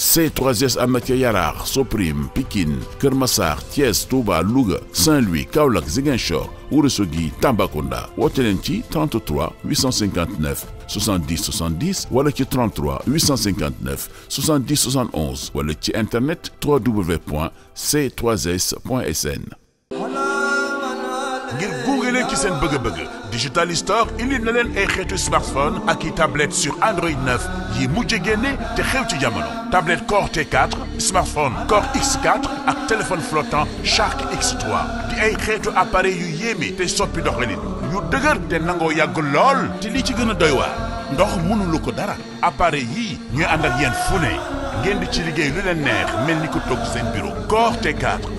C3S Amitié Yaraar Soprim Pikine Kër Massar Thiès Touba Louga Saint-Louis Kaolack Ziguinchor Ourossogui Tambacounda woote leen ci 33 859 70 70 wala ci 33 859 70 71 wala ci internet www.c3s.sn. ci seen bëgg-bëgg digital store indil na leen ay xeetu smartphone ak i tablette sur Android 9 yi mujj génne te xew ci jamono tablette Core T4 smartphone Core X4 ak téléphone flottant Shark X3 di ay xeetu appareil yu yéeme te soppi doxalin yu dëgër te nangoo yàgg lool te li ci gën a doy waar ndox mënulu ko dara appareil yii ñuy ànd ak yéen fu ne ngeen di ci liggéey lu leen neex mel ni ko toog seen bureau Core T4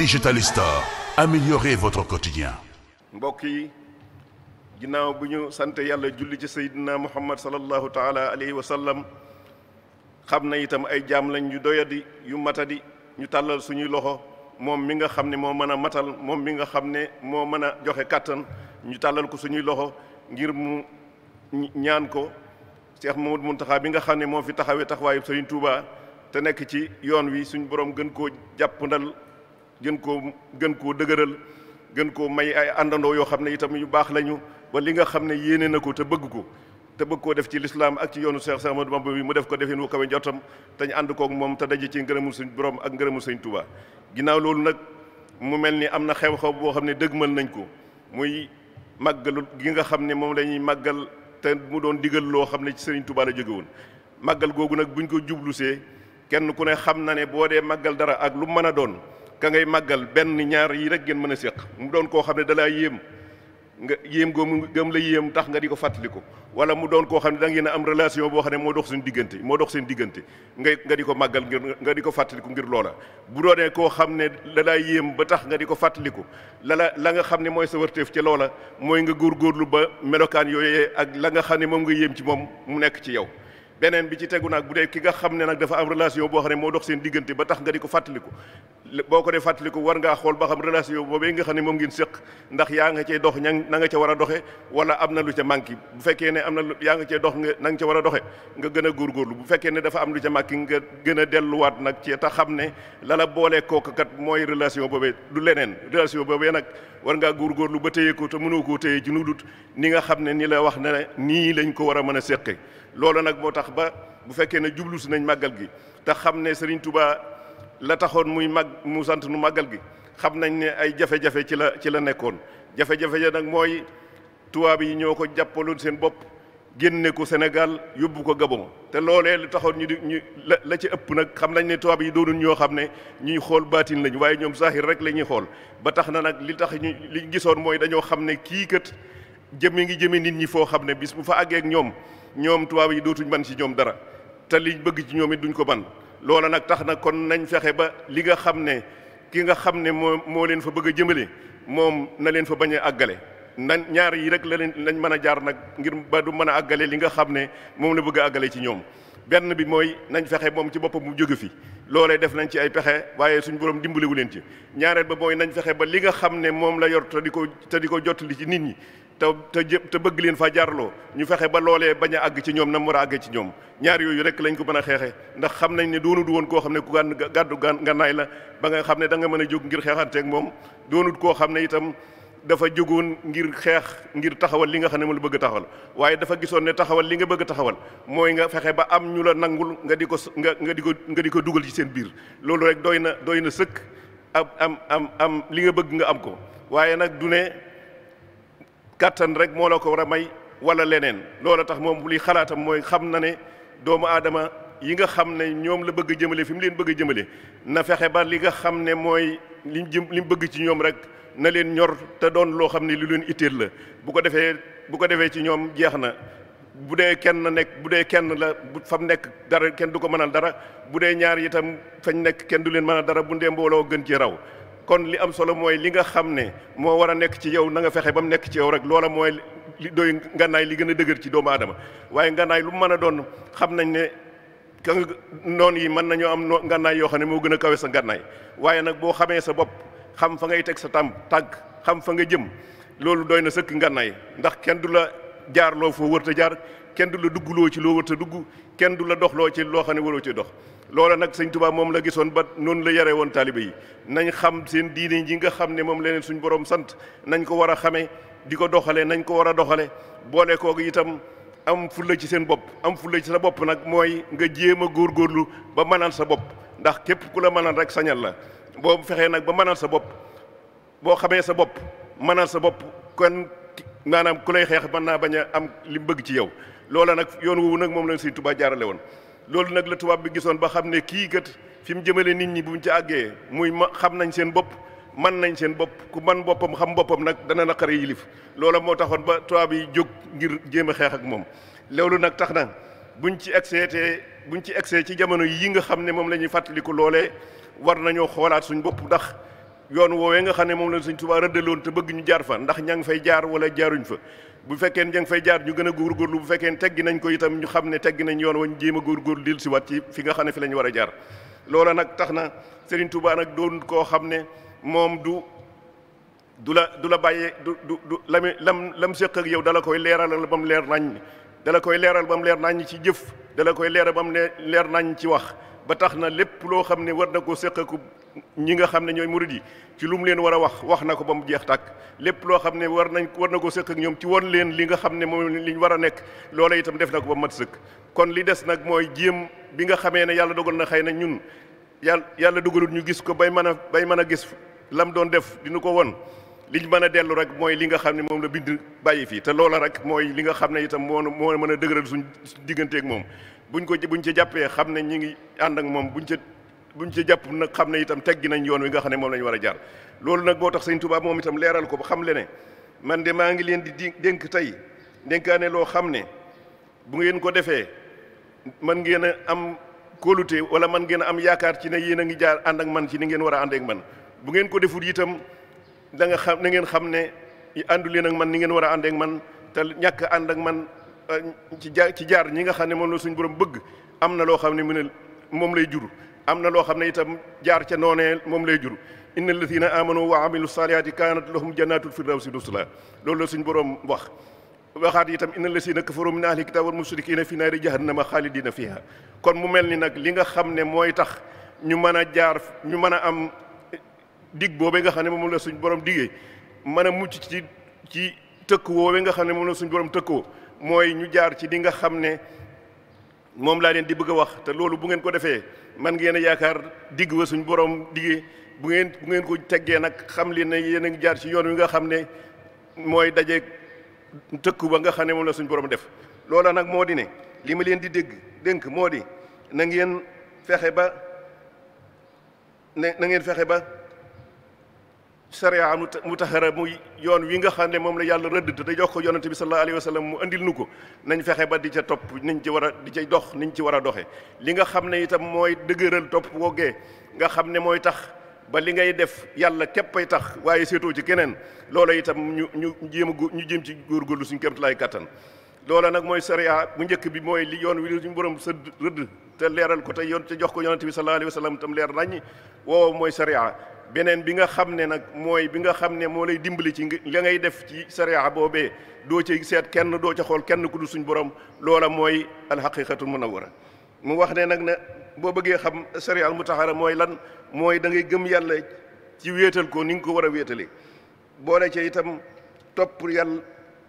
Digital Store améliorez votre quotidien mbokk yi ginnaaw bu ñu sant yàlla julli ci seydina muhammad sallallahu taala alayhi wa sallam xam na itam ay jaam lañ yu doyadi yu matadi ñu tàllal suñuy loxo moom mi nga xam ne moo mën a matal moom mi nga xam ne moo mën a joxe kàttan ñu tàllal ko suñuy loxo ngir mu ñaan ko Cheikh Mamadou Muntaxa bi nga xam ne moo fi taxawee taxawaayu Sëriñ Tuuba te nekk ci yoon wi suñ borom gën koo jàppandal gën koo gën koo dëgëral gën koo may ay àndandoo yoo xam ne itam yu baax lañu ba li nga xam ne yéene na ko te bëgg ko te bëgg koo def ci lislaam ak ci yoonu Cheikh Ahmadou Bamba bi mu def ko defin wu kawe njottam te ñu ànd koog moom te daje ci ngërëmu suñ borom ak ngërëmu suñ Tuubaa ginnaaw loolu nag mu mel ni am na xew-xew boo xam ne dëgmal nañ ko muy màggalu gi nga xam ne moom lañuy ñuy màggal te mu doon digal loo xam ne ci Serigne Touba la jóge woon màggal googu nag bu ñu ko jublusee kenn ku ne xam na ne boo dee màggal dara ak lu mën a doon ka ngay màggal benn ñaar yi rek ngeen mën a séq mu doon koo xam ne dalaa yéem nga yéem goomu gëm la yéem tax nga di ko fàttaliku wala mu doon koo xam ne da ngeen am relation boo xam ne moo dox suñu moo dox seen diggante nga di ko màggal ngir nga di ko fàttaliku ngir bu doonee koo xam ne dalaa yéem ba tax nga di ko fàttaliku lala la nga xam ne mooy sa wërteef ci loola mooy nga góor góorgóorlu ba melokaan yooyee ak la nga xam ne moom nga yéem ci moom mu nekk ci yow beneen bi ci tegu nag bu dee ki nga xam ne nag dafa am relation boo xam ne moo dox seen diggante ba tax nga di ko fàttaliku boo ko dee fàttaliku war nga xool ba xam relation boobee nga xam ne moom ngeen séq ndax yaa nga cee dox ña na nga ca war a doxe am na lu ca manqué bu fekkee ne am na yaa nga cee dox nga na nga ca war a doxe a góorgóorlu bu fekkee ne dafa am lu ca manqué nga gën a delluwaat nag cee te xam ne lala boolee kooku kat mooy relation boobee du leneen relation boobee nag war ngaa góorgóorlu ba téye ko te mënoo koo téye ci nu dut ni nga xam ne nii la wax ne nii lañ ko war a mën a seqe loolu nag moo tax ba bu fekkee ne jublu si nañ màggal gi te xam ne Serigne tubaa la taxoon muy mag mu sant nu màggal gi xam nañ ne ay jafe-jafe ci la ci la nekkoon jafe-jafe ya nag mooy tubaab yi ñoo ko jàppaloon seen bopp génne ko Sénégal yóbbu ko Gabon te loolee lu taxoon ñu di ñu la la ci ëpp nag xam nañ ne tubaab yi doonuñ ñoo xam ne ñuy xool baatin lañ waaye ñoom saahir rek la ñuy xool ba tax na nag li tax ñu li gisoon mooy dañoo xam ne kii kat jëme ngi jëme nit ñi foo xam ne bis bu fa àggee ñoom ñoom tubaab yi dootuñ man ci ñoom dara te liñ bëgg ci ñoom it duñ ko ban loola nag tax na kon nañ fexe ba li nga xam ne ki nga xam ne moo moo leen fa bëgg a jëmale moom na leen fa bañ a àggale nan ñaar yii rek la leen lañ mën a jaar nag ngir ba du mën a àggale li nga xam ne moom la bëgg a ci ñoom benn bi mooy nañ fexe moom ci boppam mu jóge fi loolee def nañ ci ay pexe waaye suñ borom dimbaliwu leen ci ñaareel ba mooy nañ fexe ba li nga xam ne moom la yor te di ko te di ko jottali ci nit ñi te te te bëgg leen fa jaarloo ñu fexe ba loolee bañ a àgg ci ñoom na war a àggee ci ñoom ñaar yooyu lañ ko mën a xeexe ndax xam nañ ne doonut woon koo xam ne ku gànn gàddu gànnaay la ba nga xam ne da nga mën a jóg ngir xeexanteeg moom doonut koo xam ne itam dafa jógoon ngir xeex ngir taxawal li nga xam ne mu la bëgg taxawal waaye dafa gisoon ne taxawal li nga bëgg taxawal mooy nga fexe ba am ñu la nangul nga di ko nga nga di ko nga di ko dugal ci seen biir loolu rek doy na doy na sëkk am am am am li nga bëgg nga am ko waaye nag du ne kàttan rek moo la ko war a may wala leneen loola tax moom li xalaatam mooy xam na ne doomu aadama yi nga xam ne ñoom la bëgg jëmale fi mu leen bëgg a jëmale na fexe ba li nga xam ne mooy lim jëm lim bëgg ci ñoom rek na leen ñor te doon loo xam ne lu leen itteel la bu ko defee bu ko defee ci ñoom jeex na bu dee kenn nekk bu dee kenn la bu fam nekk dara kenn du ko mënal dara bu dee ñaar itam fañ nekk kenn du leen mënal dara bu dee mbooloo gën ci raw kon li am solo mooy li nga xam ne moo war a nekk ci yow na nga fexe ba mu nekk ci yow rek loola mooy li doy ngànnaay li gën a dëgër ci doomu aadama waaye ngànnaay lu mu mën a doon xam nañ ne ka nga noon yi mën nañoo am ngànnaay yoo xam ne moo gën a kawe sa ngànnaay waaye nag boo xamee sa bopp xam fa ngay teg sa tàmb tànk xam fa nga jëm loolu doy na sëkk ngànnaay ndax kenn du la jaar loo foo jaar kenn du la duggloo ci loo dugg kenn du la doxloo ci loo xam ne waroo ci dox loola nag sëñ Tuubaa moom la gisoon ba noonu la yare woon taalibe yi nañ xam seen diine ji nga xam ne moom leneen suñ borom sant nañ ko war a xamee di ko doxalee nañ ko war a doxalee boole kooku itam am fulla ci seen bopp am fulla ci sa bopp nag mooy nga jéem a góorlu ba mënal sa bopp ndax képp ku la mënal rek sañal la boo fexee nag ba mënal sa bopp boo xamee sa bopp mënal sa bopp kon maanaam ku lay xeex mën naa bañ am li mu bëgg ci yow loola nag yoon woowu nag moom la Sëriñ Tuubaa jaarale woon loolu nag la tubaab bi gisoon ba xam ne kii kat fi mu jëmale nit ñi buñ ci àggee muy ma xam nañ seen bopp man nañ seen bopp ku man boppam xam boppam nag dana naqare yilif loola moo taxoon ba tubaab yi jóg ngir jéem a xeex ak moom loolu nag tax na buñ ci egseetee buñ ci egsee ci jamono yi nga xam ne moom la ñuy fàttaliku loole war nañoo xoolaat suñ bopp ndax yoon woowee nga xam ne moom la suñ Tuubaa rëddaloon te bëgg ñu jaar fa ndax ña ngi fay jaar wala jaaruñ fa bu fekkee ña ngi fay jaar ñu gën a góorgóorlu bu fekkee teggi nañ ko itam ñu xam ne teggi nañ yoon wañ jéem a góorgóorlu dil si fi nga xam ne fi la ñu war a jaar nag tax na Sëriñ Tuubaa nag doon koo xam ne moom du du la du la bàyyee du du du la muy lam lam séq yow dala koy leeralal ba mu leer nañ dala koy leeral ba mu leer nañ ci jëf dala koy leeral ba mu leer nañ ci wax ba tax na lépp loo xam ne war na ko séq ak ñi nga xam ne ñooy murid yi ci lu mu leen war a wax wax na ko ba mu jeex tàkk lépp loo xam ne war nañ war na ko sëkk ak ñoom ci won leen li nga xam ne moom li ñu war a nekk loola itam def na ko ba mat sëkk kon li des nag mooy jéem bi nga xamee ne yàlla dogal na xëy na ñun yàlla yàlla dogalul ñu gis ko bay mën a bay mën a gis lam doon def dinu ko won liñ mën a dellu rek mooy li nga xam ne moom la bind bàyyi fii te loola rek mooy li nga xam ne itam moo moo mën a dëgëral suñ digganteeg moom buñ ko buñ ci jàppee xam ne ñi ngi ànd ak moom buñ ca buñ ci jàpp nag xam ne itam teggi nañ yoon wi nga xam ne moom la war a jaar loolu nag boo tax sëñ Tuubaa moom itam ko ba xam le ne man de maa ngi leen di dénk tey dénkaane loo xam ne bu ngeen ko defee man ngeen a am kóolute wala man ngeen am yaakaar ci ne yéen a ngi jaar ànd ak man ci ni ngeen war a ànd ak man bu ngeen ko deful itam da nga xam na ngeen xam ne àndu leen ak man ni ngeen war a ànd man te ñàkk ànd ak man eh, ci jaar ci jaar ñi nga xam ne moom la suñu bëgg am na loo xam ne mu ne moom lay jur am na loo xam ne itam jaar ca noonee moom lay jur inna alladina amanu wa amilu salihaati kanat lahum jannatul firdawsi nusla loolu la suñ borom wax waxaat itam inna alladina kafaru min ahli kitab wal mushrikina fi naari jahannama xaalidina fiha kon mu mel ni nag li nga xam ne mooy tax ñu mën a jaar ñu mën a am dig boobee nga xam ne moom la suñ borom digee mën a mucc ci ci tëkku woowee nga xam ne moom suñ borom tëkkoo mooy ñu jaar ci li nga xam ne moom laa leen di bëgg a wax te loolu bu ngeen ko defee man ngeen a yaakaar digg wa suñ borom digee bu ngeen ngeen ko teggee nag xam li ne yéen a ngi jaar ci yoon wi nga xam ne mooy daje tëkku ba nga xam ne moom la suñ borom def loola nag moo di ne li ma leen di dégg dénk moo di na ngeen fexe ba ne na ngeen fexe ba sharia mutahara muy yoon wi nga xam ne moom la yàlla rëdd te jox ko yonante bi sa alayhi wa sallam mu andil nu ko nañ fexe ba di ca topp niñ ci war di ca dox niñ ci war a doxe li nga xam ne itam mooy dëgëral topp googee nga xam ne mooy tax ba li ngay def yàlla képp ay tax waaye seetoo ci keneen loola itam ñu ñu jéem a ñu jéem ci góorgóorlu suñ kéem lay kattan loola nag mooy sariya bu njëkk bi mooy li yoon wi suñu borom sa rëdd te leeral ko te yoon te jox ko yonante bi sa alayhi wa sallam tam leer naññ woow mooy sariya beneen bi nga xam ne nag mooy bi nga xam ne moo lay dimbali ci la ngay def ci sariya boobee doo ci seet kenn doo ca xool kenn ku du suñ borom loola mooy alxaqiqatul munawwara mu wax ne nag ne boo bëggee xam sariya al mutahara mooy lan mooy da ngay gëm yàlla ci wéetal ko ni nga ko war a wéetalee boole ca itam topp yàlla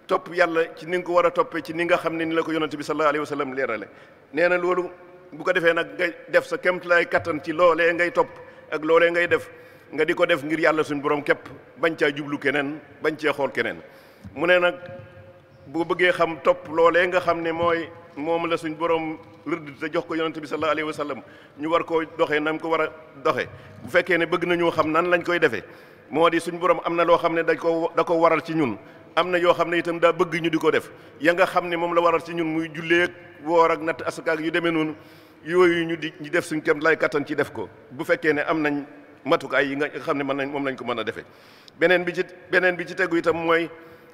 topp yàlla ci ni nga ko war a toppee ci ni nga xam ne ni la ko yonante bi sallallahu alayhi wa sallam leerale nee na loolu bu ko defee nag nga def sa kémtalaay kattan ci loolee ngay topp ak loolee ngay def nga di ko def ngir yàlla suñ borom képp bañ caa jublu keneen bañ cee xool keneen mu ne nag boo bëggee xam topp loolee nga xam ne mooy moom la suñ borom rëdd te jox ko yonent bi sallallahu alayhi wa sallam ñu war koo doxee nan ko war a doxe bu fekkee ne bëgg nañoo xam nan lañ koy defee moo di suñ borom am na loo xam ne dañ ko da ko waral ci ñun am na yoo xam ne itam daa bëgg ñu di ko def ya nga xam ne moom la waral ci ñun muy julleeg woor ak natt asakaak yu demee noonu yooyu ñu di ñu def suñ kem lay kattan ci def ko bu fekkee ne am nañ matukaay yi nga xam ne mën nañ moom lañ ko mën a defee beneen bi ci beneen bi ci tegu itam mooy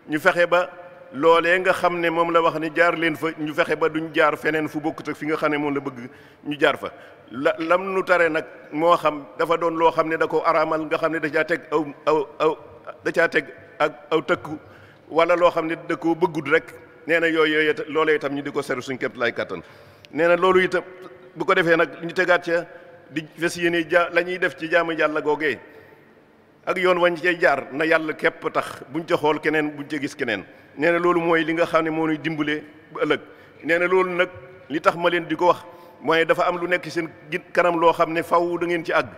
ñu fexe ba loolee nga xam ne moom la wax ne jaar leen fa ñu fexe ba duñ jaar feneen fu bokkut fi nga xam ne moom la bëgg ñu jaar fa la lam nu tare nag moo xam dafa doon loo xam ne da ko araamal nga xam ne da caa teg aw aw caa teg ak aw tëkku wala loo xam ne da koo bëggut rek nee na yooyu yooy loolee itam ñu di ko seru suñ képp lay kattan nee na loolu itam bu ko defee nag ñu tegaat ca di fas yéene ja la ñuy def ci jaamu yàlla googee ak yoon wañ cay jaar na yàlla képp tax buñ ca xool keneen buñ ca gis keneen nee na loolu mooy li nga xam ne moo ñuy dimbale bu ëllëg nee na loolu nag li tax ma leen di ko wax mooy dafa am lu nekk seen kanam loo xam ne faw da ngeen ci àgg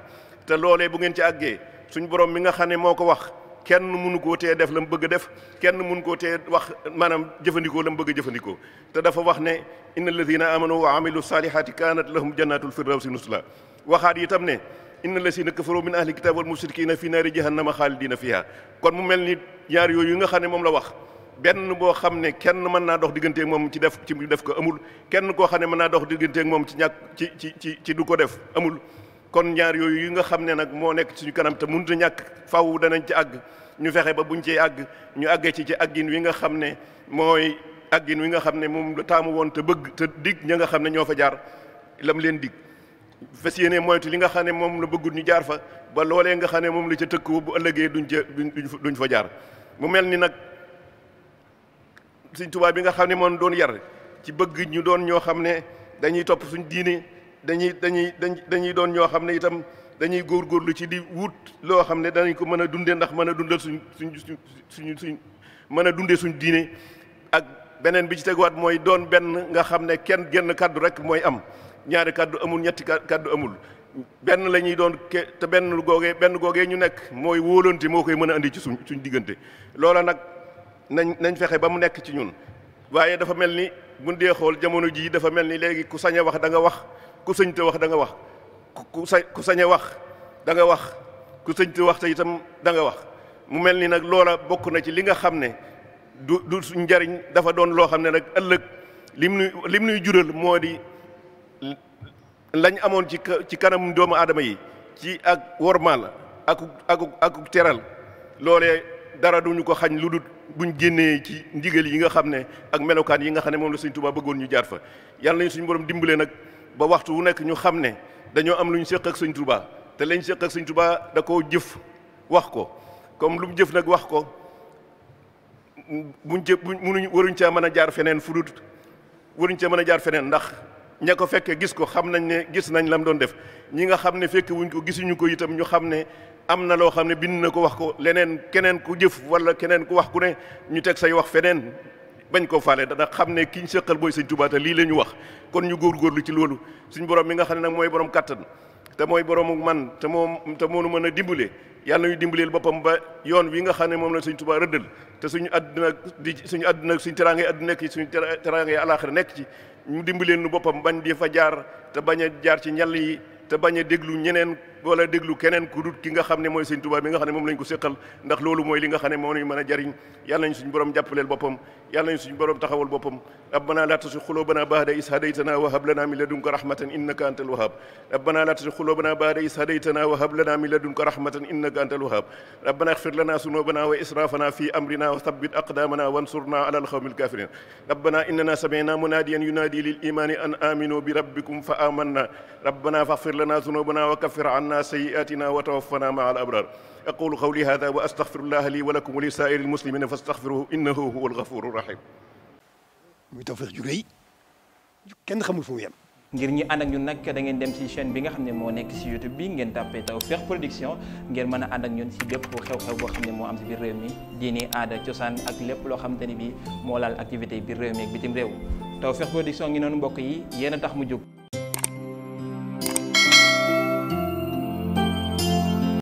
te loolee bu ngeen ci àggee suñ borom mi nga xam ne moo ko wax kenn mënu koo tee def la mu bëgg def kenn mënu ko tee wax maanaam jëfandikoo la mu bëgg a jëfandikoo te dafa wax ne inna alladina amanu wa amilu salihati kanat lahum jannatul firdawsi nusla waxaat itam ne inna lasina kafaru min ahli kitab wal musrikina fi naari jahannama xaalidina fiha kon mu mel ni ñaar yooyu nga xam ne moom la wax benn boo xam ne kenn mën naa dox digganteeg moom ci def ci def ko amul kenn koo xam ne mën naa dox digganteeg moom ci ñàkk ci ci ci ci du ko def amul kon ñaar yooyu yi nga xam ne nag moo nekk suñu kanam te mënut a ñàkk faw danañ ci àgg ñu fexe ba buñ cee àgg ñu àggee ci ci àggin wi nga xam ne mooy àggin wi nga xam ne moom la taamu woon te bëgg te dig ña nga xam ne ñoo fa jaar lam leen dig fas yéene moytu li nga xam ne moom la bëggul ñu jaar fa ba loolee nga xam ne moom la ca tëkku bu ëllëgee duñ ca duñ fa jaar mu mel ni nag Sëñ Tuubaa bi nga xam ne moom doon yar ci bëgg ñu doon ñoo xam ne dañuy topp suñ diine dañuy dañuy dañuy doon ñoo xam ne itam dañuy góorgóorlu ci di wut loo xam ne danañ ko mën a dundee ndax mën a dundal suñ suñ suñu suñ mën a dundee suñ diine ak beneen bi ci teguwaat mooy doon benn nga xam ne kenn genn kàddu rek mooy am ñaari kàddu amul ñetti kàddu amul benn la ñuy doon te benn googee benn googee ñu nekk mooy wóolante moo koy mën a andi ci suñ suñ diggante loola nag nañ nañ fexe ba mu nekk ci ñun waaye dafa mel ni bu dee xool jamono jii dafa mel ni léegi ku sañ wax da nga wax ku sëñte wax da nga wax ku sa ku sañ a wax da nga wax ku sëñte wax te itam da nga wax mu mel ni nag loola bokk na ci li nga xam ne du du suñ njariñ dafa doon loo xam ne nag ëllëg lim nuy lim nuy jural moo di lañu amoon ci ci kanam doomu aadama yi ci ak wormaal ak ak ak teral loole dara duñu ko xañ lu dul buñ génnee ci ndigal yi nga xam ne ak melokaan yi nga xam ne moom la Sëñ Tuubaa bëggoon ñu jaar fa yàlla nañ suñu borom dimbalee nag ba waxtu wu nekk ñu xam ne dañoo am lu ñu séq ak Sëñ tubaa te lañ séq ak Sëñ Tuubaa da ko jëf wax ko comme lu jëf nag wax ko buñ jë buñ mënuñ waruñ caa mën a jaar feneen fu dul waruñ caa mën a jaar feneen ndax ña ko fekkee gis ko xam nañ ne gis nañ lam doon def ñi nga xam ne fekk wuñ ko gisuñu ko itam ñu xam ne am na loo xam ne bind na ko wax ko leneen keneen ku jëf wala keneen ku wax ku ne ñu teg say wax feneen bañ koo faale dana xam ne ki ñu seqal booy sëñ Tuubaa lii la ñu wax kon ñu góorgóorlu ci loolu suñ borom mi nga xam ne nag mooy borom kattan te mooy boroomu man te moom te moonu mën a dimbale yàlla nañu dimbaleel boppam ba yoon wi nga xam ne moom la suñ a rëddal te suñu àdduna di suñu àdduna suñu teraangay àdduna nekk ci suñu teraangay alaaxira nekk ci mu dimbaleel nu boppam bañ di fa jaar te bañ a jaar ci ñal yi te bañ a déglu ñeneen wala déglu keneen ku dut ki nga xam ne mooy sëñ Tuubaa bi nga xam ne moom lañ ko séqal ndax loolu mooy li nga xam ne moo ñuy mën a jariñ yàlla nañ suñu borom jàppaleel boppam yàlla nañ suñu borom taxawal boppam rabbana la tusi xulubana baada is hadaytana wa hab lana min ladunka rahmatan innaka antal wahab rabbana la tusi xulubana baada is hadaytana wa hab lana min ladunka rahmatan innaka antal wahab rabbana ighfir lana sunubana wa israfana fi amrina wa thabbit aqdamana wansurna ala alqawmi alkafirin rabbana innana sami'na munadiyan yunadi lil imani an aminu bi rabbikum fa amanna rabbana faghfir lana sunubana wa kaffir anna عنا سيئاتنا وتوفنا مع الأبرار أقول قولي هذا وأستغفر الله لي ولكم ولسائر المسلمين فاستغفروه إنه هو الغفور الرحيم muy tawfeex ju rëy kenn xamul fu mu ngir ñi ànd ak ñun nag da ngeen dem ci chaîne bi nga xam ne moo nekk ci YouTube bi ngeen tàppee Tawfekh Production ngeen mën a ànd ak ñun ci bépp xew-xew boo xam ne moo am ci biir réew mi diini aada cosaan ak lépp loo xamante ni bi moo laal activité biir réew mi bitim réew Tawfekh Production